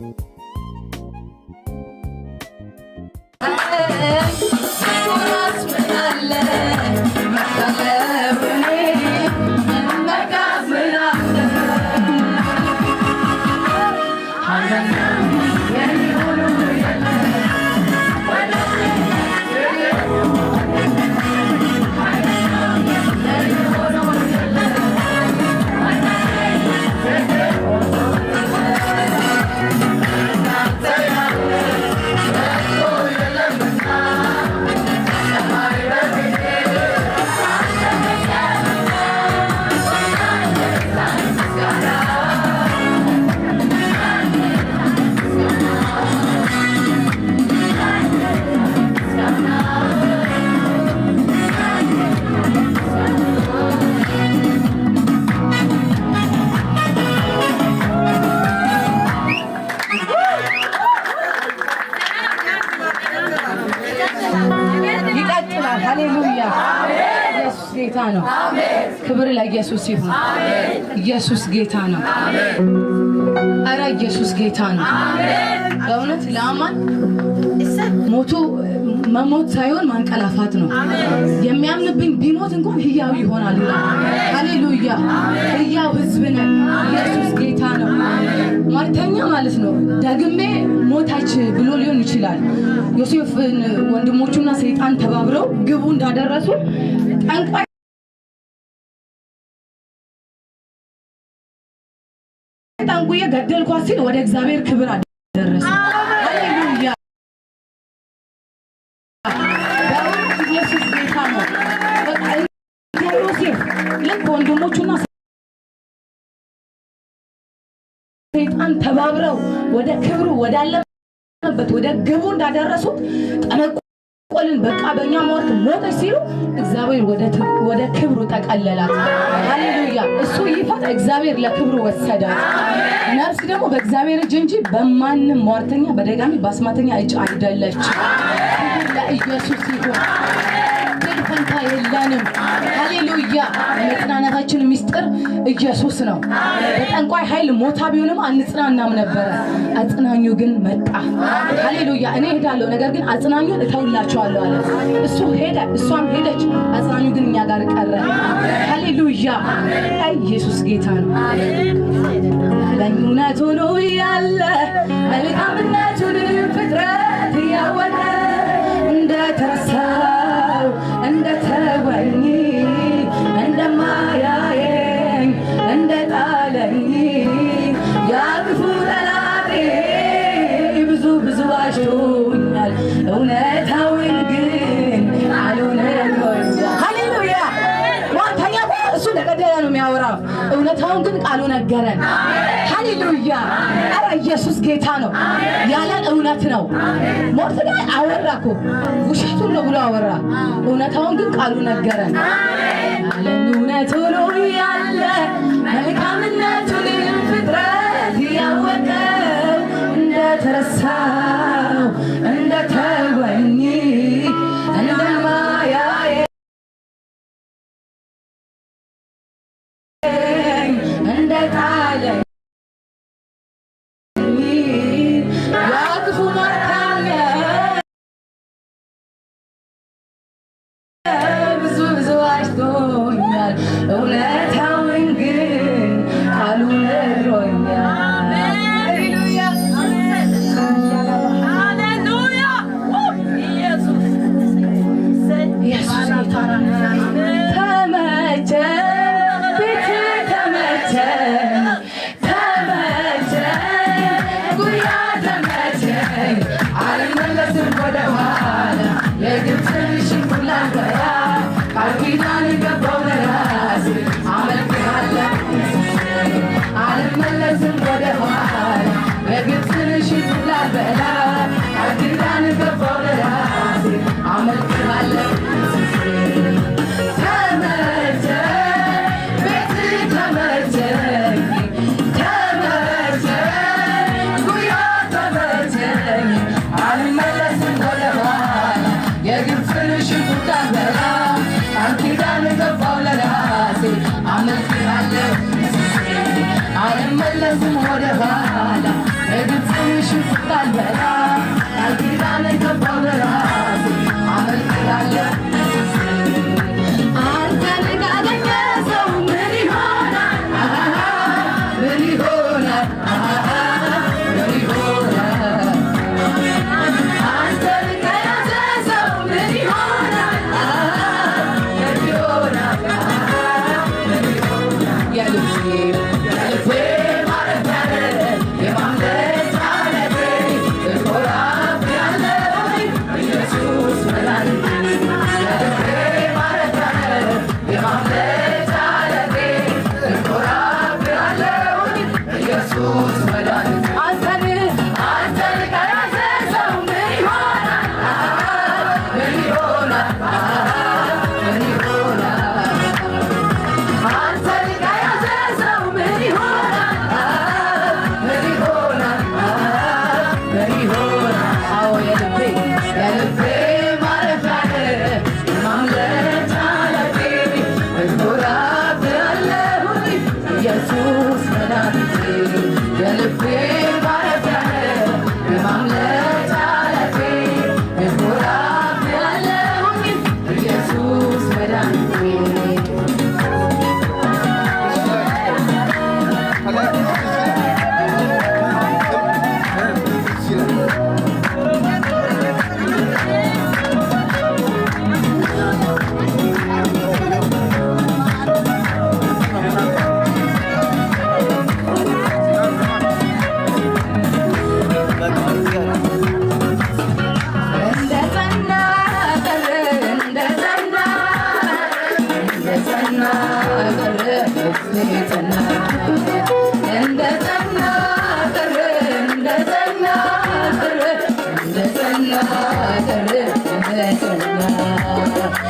Bye. ኢየሱስ ይሁን። ኢየሱስ ጌታ ነው። አረ ኢየሱስ ጌታ ነው። በእውነት ለአማን ሞቱ መሞት ሳይሆን ማንቀላፋት ነው። የሚያምንብኝ ቢሞት እንኳን ህያው ይሆናል። ሃሌሉያ! ህያው ህዝብ ነን። ኢየሱስ ጌታ ነው። ማርተኛ ማለት ነው። ደግሜ ሞታች ብሎ ሊሆን ይችላል። ዮሴፍን ወንድሞቹና ሰይጣን ተባብረው ግቡ እንዳደረሱ ጠንቋ ደውዬ ገደልኳት ሲል ወደ እግዚአብሔር ክብር አደረሰ። ሃሌሉያ! ዮሴፍ ልክ ወንድሞቹና ሰይጣን ተባብረው ወደ ክብሩ ወዳለበት ወደ ግቡ እንዳደረሱት ጠነቁ። ቆልን በቃ በእኛ ሞት ሞተች ሲሉ እግዚአብሔር ወደ ክብሩ ጠቀለላት። ሃሌሉያ! እሱ ይፋት እግዚአብሔር ለክብሩ ወሰዳት። ነፍስ ደግሞ በእግዚአብሔር እጅ እንጂ በማንም ሟርተኛ፣ በደጋሚ በአስማተኛ እጅ አይደለች። ኢየሱስ ይሁን። ቦታ የለንም። ሀሌሉያ የመጽናናታችን ሚስጥር ኢየሱስ ነው። በጠንቋይ ኃይል ሞታ ቢሆንም አንጽናናም ነበረ። አጽናኙ ግን መጣ። ሃሌሉያ። እኔ ሄዳለሁ፣ ነገር ግን አጽናኙን እተውላቸዋለሁ አለ። እሱ ሄደ፣ እሷም ሄደች። አጽናኙ ግን እኛ ጋር ቀረ። ሃሌሉያ። ኢየሱስ ጌታ ነው። ነገረን። ሃሌሉያ! ኧረ ኢየሱስ ጌታ ነው ያለን እውነት ነው። ሞት ላይ አወራ እኮ ውሸቱን ነው ብሎ አወራ። እውነታውን ግን ቃሉ ነገረን። እውነት ሆኖ ያለ መልካምነቱን ፍጥረት ያወቀው እንደተረሳው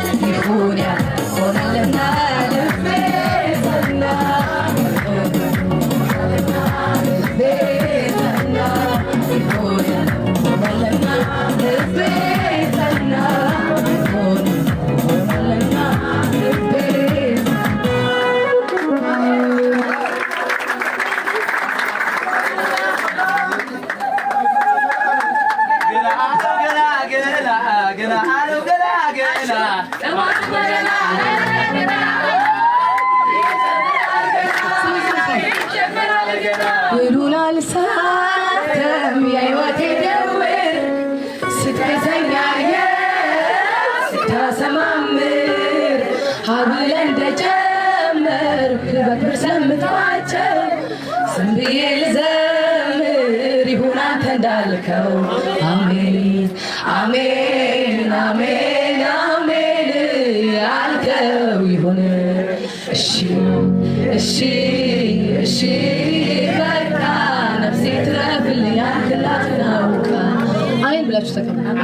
you እንዳልከው አሜን አሜን አሜን አሜን ያልከው ይሁን። እሺ እሺ እሺ በቃ ነፍሴ ትረፍልኝ ያልክላት አሜን ብላችሁ ተቀምጣ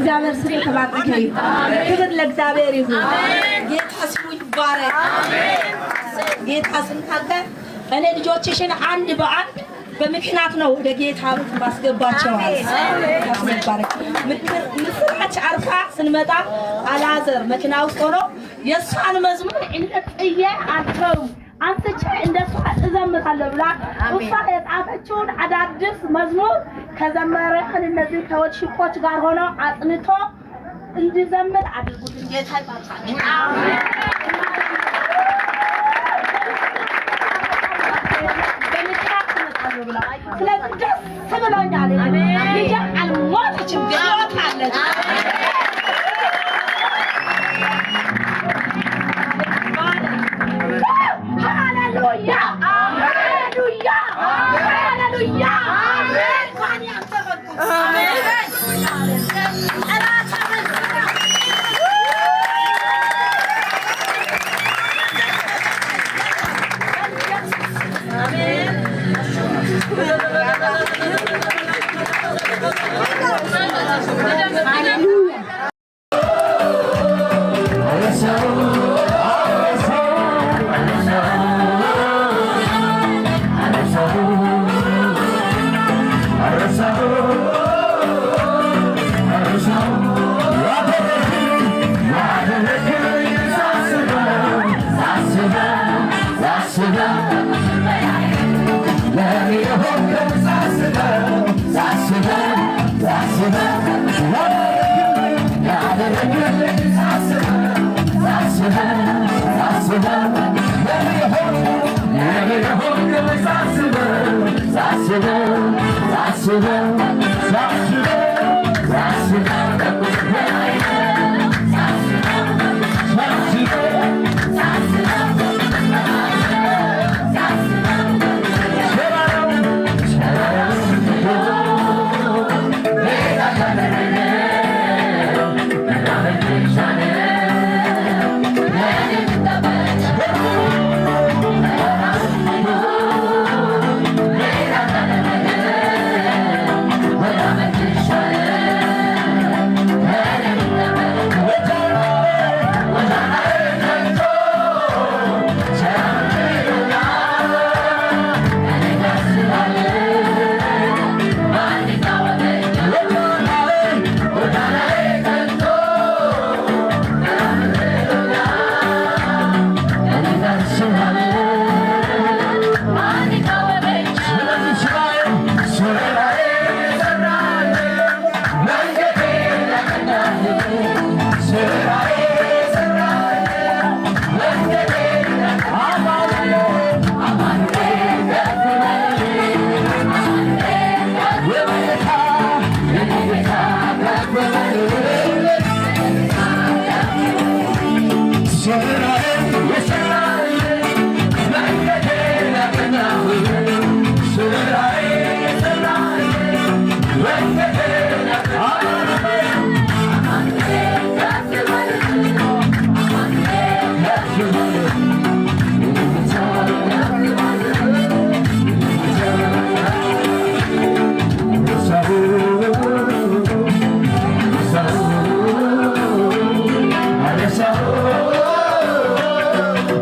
እግዚአብሔር ስም የተባረከ ይሁን። ክብር ለእግዚአብሔር ይሁን። ጌታ ስሙ ይባረክ። አሜን። ጌታ ስንታገር እኔ ልጆችሽን አንድ በአንድ በምክንያት ነው ወደ ጌታ ቤት ማስገባቸው። ይባረክ። ምስራች አርፋ ስንመጣ አላዘር መኪና ውስጥ ሆኖ የእሷን መዝሙር እንደጥዬ አልተውም አንተች እንደሷ እዘምታለሁ ብላ እሷ የጻፈችውን አዳዲስ መዝሙር ከዘመረህን እነዚህ ከወሽቆች ጋር ሆኖ አጥንቶ እንዲዘምር አድርጉት። ጌታ ይባርካችሁ። ስለዚህ ደስ ብሎኛል። ልጄ አልሞተችም።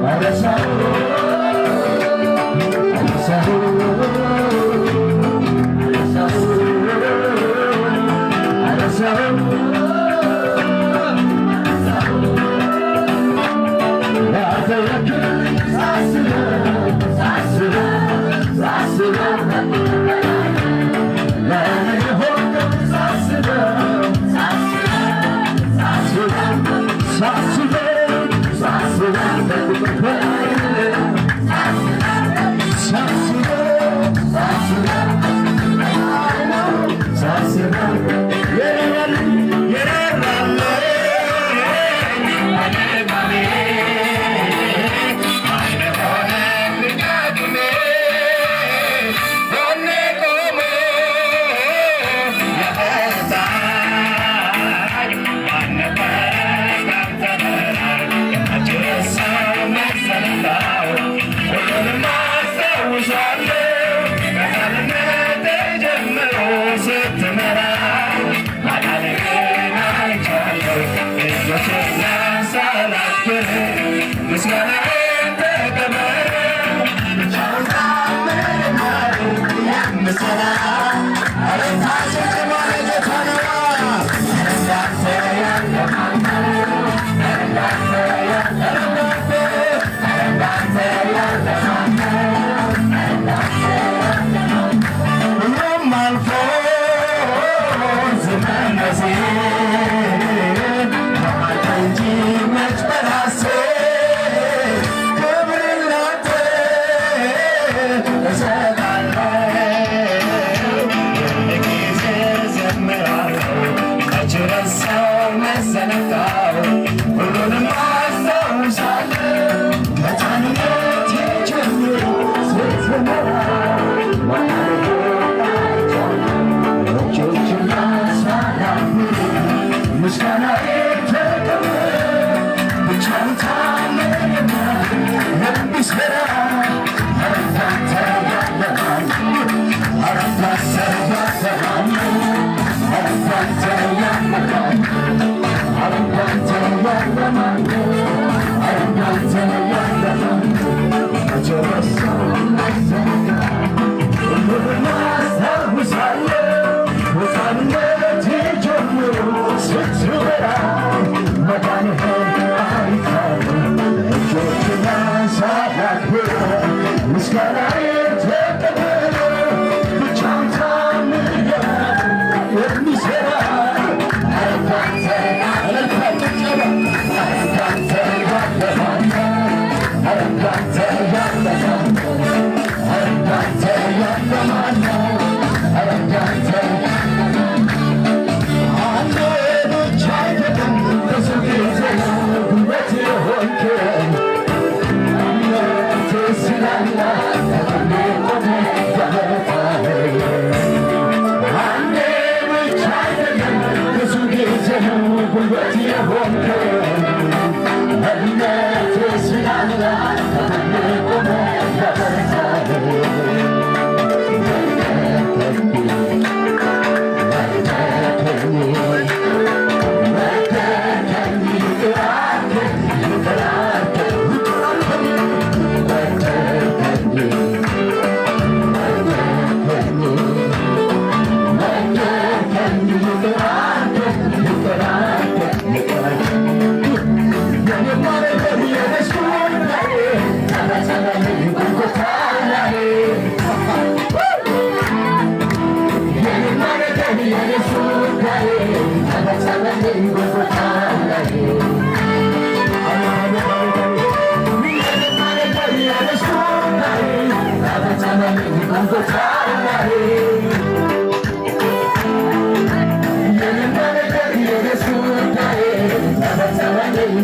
Para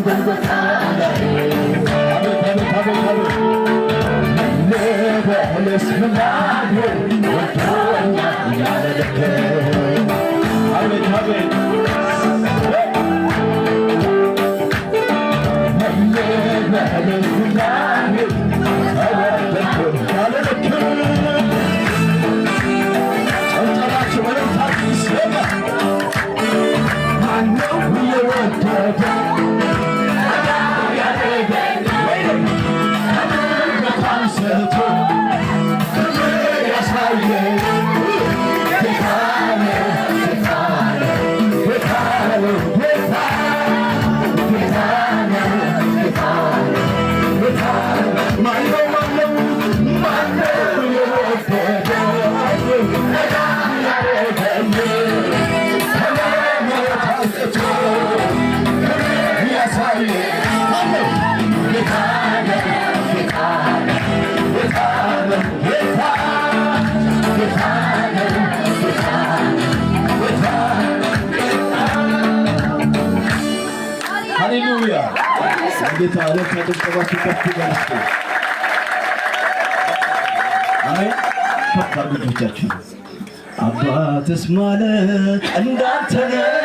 I know we are a ታሪክ ያደገባችሁ ከፍ ይበላችሁ። አሜን። ከፍ አድርጉ አባትስ ማለት እንዳንተ ነው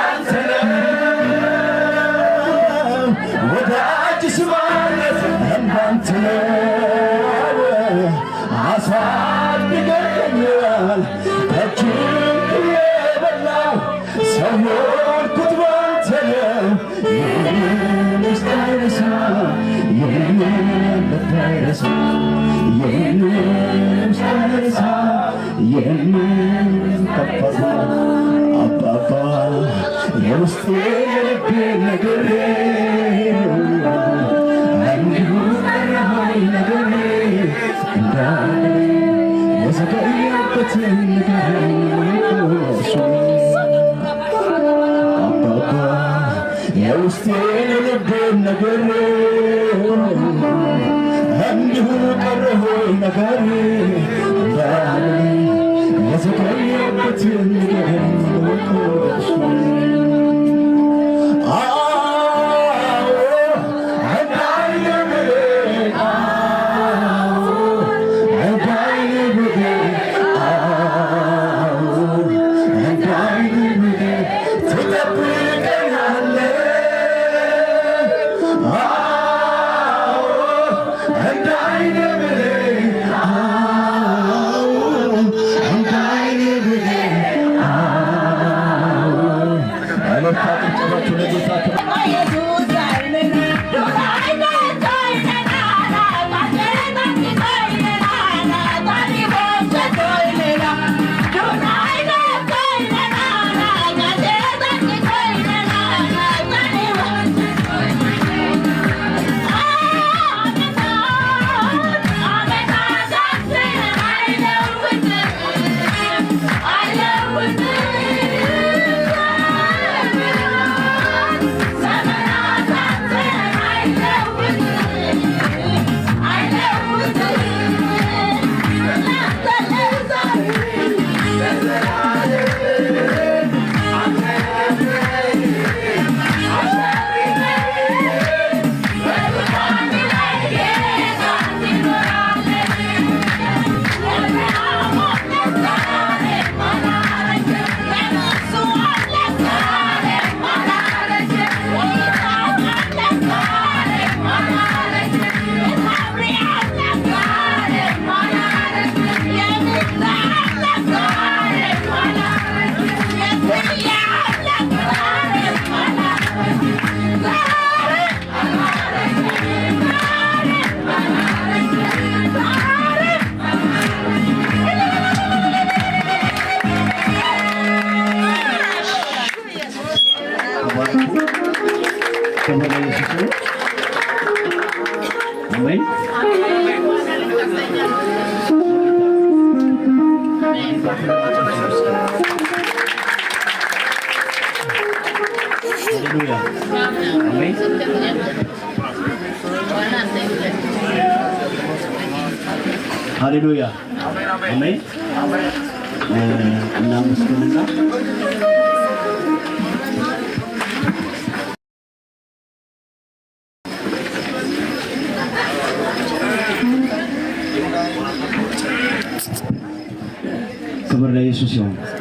ውስጤ የልቤ ነገር እንዲሁ ቀረሃይ ነገር እንዳለ የዘገየበት ነገር አባባ የውስጤ ነገር እንዲሁ ቀረሆይ ነገር እንዳለ የዘገየበት ነገር Hari eh, itu, ya, namun sebenarnya, ini adalah sebuah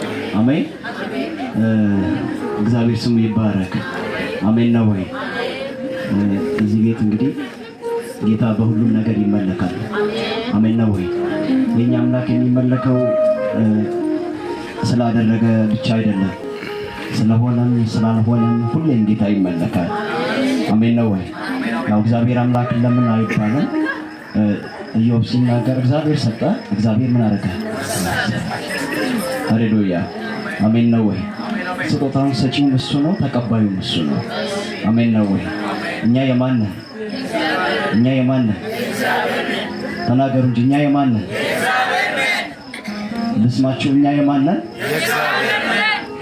ስላደረገ ብቻ አይደለም፣ ስለሆነም ስላልሆነም ሁሌም ጌታ ይመለካል። አሜን ነው ወይ? ያው እግዚአብሔር አምላክ ለምን አይባልም። እዮብ ሲናገር እግዚአብሔር ሰጠ፣ እግዚአብሔር ምን አደረገ? ሃሌሉያ አሜን ነው ወይ? ስጦታውን ሰጪውም እሱ ነው፣ ተቀባዩም እሱ ነው። አሜን ነው ወይ? እኛ የማን እኛ የማን ተናገሩ እንጂ እኛ የማን ልስማችሁ እኛ የማነን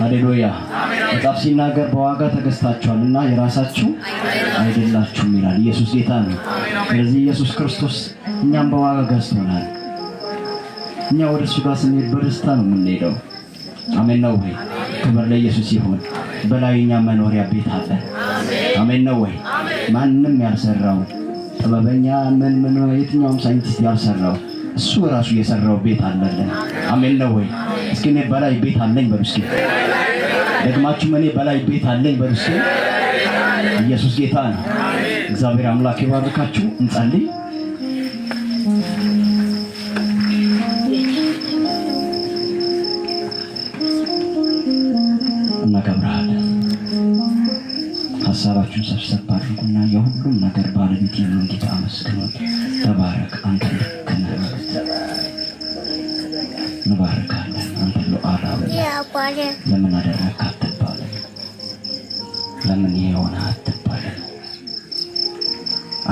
ሃሌሉያ መጽሐፍ ሲናገር በዋጋ ተገዝታችኋል እና የራሳችሁ አይደላችሁም ይላል። ኢየሱስ ጌታ ነው። ስለዚህ ኢየሱስ ክርስቶስ እኛም በዋጋ ገዝቶናል። እኛ ወደ እሱ ጋር ስንሄድ በደስታ ነው የምንሄደው። አሜን ነው ወይ? ክብር ለኢየሱስ ይሁን። በላይኛ መኖሪያ ቤት አለ። አሜን ነው ወይ? ማንም ያልሰራው ጥበበኛ ምን ምን የትኛውም ሳይንቲስት ያልሰራው እሱ ራሱ የሰራው ቤት አለልን። አሜን ነው ወይ? እስኪ እኔ በላይ ቤት አለኝ በሉ እስኪ ደግማችሁ እኔ በላይ ቤት አለኝ በሉ እስኪ። ኢየሱስ ጌታ ነው። እግዚአብሔር አምላክ ይባርካችሁ። እንጸልይ። ሀሳባችሁን ሰብሰብ አድርጉና የሁሉም ነገር ባለቤት የሆነውን ጌታ አመስግኖት ተባረክ፣ አንተ ልክ ነህ። እንባርካለን፣ አንተ ሉዓላዊ ለምን አደረግ አትባለን። ለምን ይህ የሆነ አትባለን።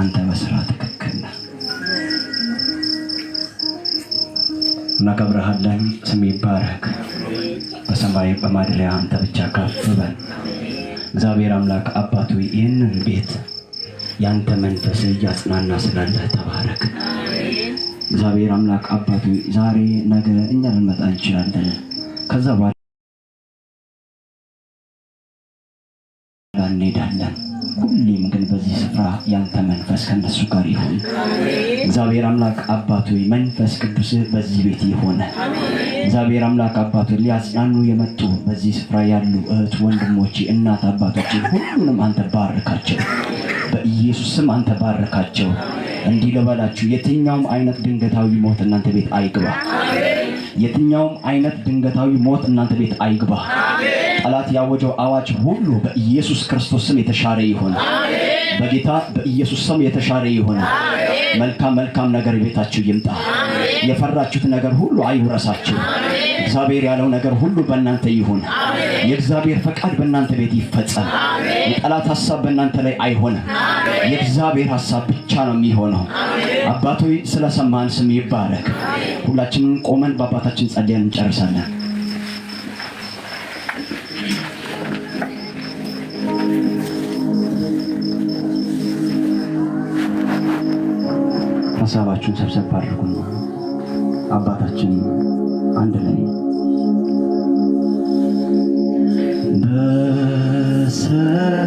አንተ በስራ ትክክል ነህ። እናከብርሃለን። ስም ይባረክ። በሰማይ በማደሪያ አንተ ብቻ ከፍ ያንተ መንፈስ እያጽናና ስላለህ ተባረክ። እግዚአብሔር አምላክ አባቱ ዛሬ ነገ እኛ ልንመጣ እንችላለን። ከዛ በኋላ እንሄዳለን። ሁሌም ግን በዚህ ስፍራ ያንተ መንፈስ ከነሱ ጋር ይሁን። እግዚአብሔር አምላክ አባቱ መንፈስ ቅዱስ በዚህ ቤት የሆነ እግዚአብሔር አምላክ አባቱ ሊያጽናኑ የመጡ በዚህ ስፍራ ያሉ እህት ወንድሞቼ፣ እናት አባቶች ሁሉንም አንተ ባርካቸው። በኢየሱስ ስም አንተ ባረካቸው። እንዲህ ልበላችሁ፣ የትኛውም አይነት ድንገታዊ ሞት እናንተ ቤት አይግባ። የትኛውም አይነት ድንገታዊ ሞት እናንተ ቤት አይግባ። ጠላት ያወጀው አዋጅ ሁሉ በኢየሱስ ክርስቶስ ስም የተሻረ ይሆን። በጌታ በኢየሱስ ስም የተሻረ ይሆን። መልካም መልካም ነገር ቤታችሁ ይምጣ። የፈራችሁት ነገር ሁሉ አይውረሳችሁ። እግዚአብሔር ያለው ነገር ሁሉ በእናንተ ይሁን። የእግዚአብሔር ፈቃድ በእናንተ ቤት ይፈጸም። የጠላት ሀሳብ በእናንተ ላይ አይሆንም። የእግዚአብሔር ሀሳብ ብቻ ነው የሚሆነው። አባቶ ስለሰማን ስም ይባረክ። ሁላችንም ቆመን በአባታችን ጸልያን እንጨርሳለን። ሀሳባችሁን ሰብሰብ አድርጉና አባታችን time.